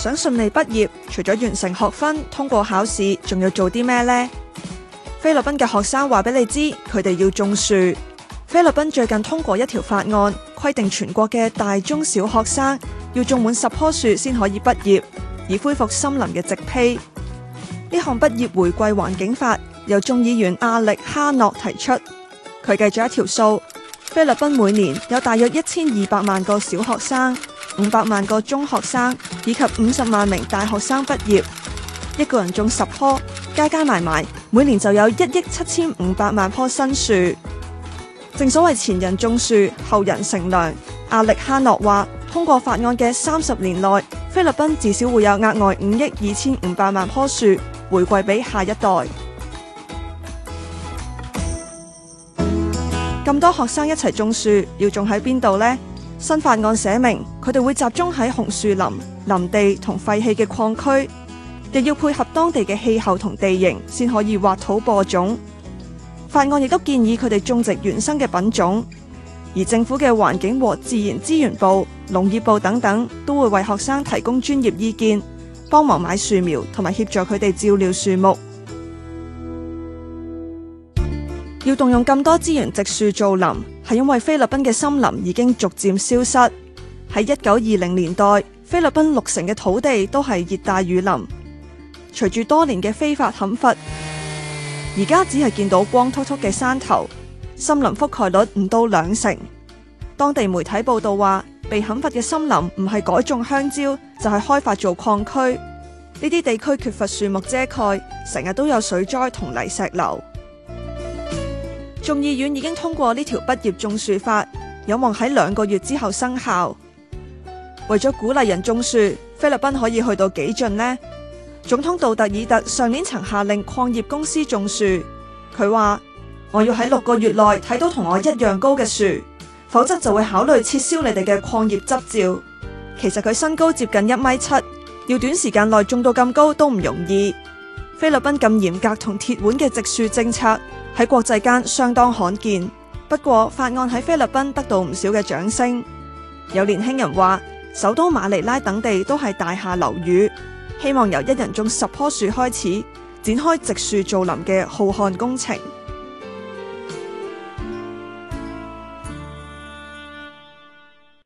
想順利畢業，除咗完成學分、通過考試，仲要做啲咩呢？菲律賓嘅學生話俾你知，佢哋要種樹。菲律賓最近通過一條法案，規定全國嘅大中小學生要種滿十棵樹先可以畢業，以恢復森林嘅植被。呢項畢業回歸環境法由眾議員阿力哈諾提出，佢計咗一條數，菲律賓每年有大約一千二百萬個小學生。五百萬個中學生以及五十萬名大學生畢業，一個人種十棵，加加埋埋，每年就有一億七千五百萬棵新樹。正所謂前人種樹，後人乘涼。阿力哈諾話，通過法案嘅三十年內，菲律賓至少會有額外五億二千五百萬棵樹回饋俾下一代。咁多學生一齊種樹，要種喺邊度呢？新法案寫明，佢哋會集中喺紅樹林、林地同廢棄嘅礦區，亦要配合當地嘅氣候同地形先可以挖土播種。法案亦都建議佢哋種植原生嘅品種，而政府嘅環境和自然資源部、農業部等等都會為學生提供專業意見，幫忙買樹苗同埋協助佢哋照料樹木。要動用咁多資源植樹造林。係因為菲律賓嘅森林已經逐漸消失。喺一九二零年代，菲律賓六成嘅土地都係熱帶雨林。隨住多年嘅非法砍伐，而家只係見到光禿禿嘅山頭，森林覆蓋率唔到兩成。當地媒體報道話，被砍伐嘅森林唔係改種香蕉，就係開發做礦區。呢啲地區缺乏樹木遮蓋，成日都有水災同泥石流。眾議院已經通過呢條畢業種樹法，有望喺兩個月之後生效。為咗鼓勵人種樹，菲律賓可以去到幾盡呢？總統杜特爾特上年曾下令礦業公司種樹，佢話：我要喺六個月內睇到同我一樣高嘅樹，否則就會考慮撤銷你哋嘅礦業執照。其實佢身高接近一米七，要短時間內種到咁高都唔容易。菲律賓咁嚴格同鐵腕嘅植樹政策喺國際間相當罕見，不過法案喺菲律賓得到唔少嘅掌聲。有年輕人話，首都馬尼拉等地都係大廈樓宇，希望由一人種十棵樹開始，展開植樹造林嘅浩瀚工程。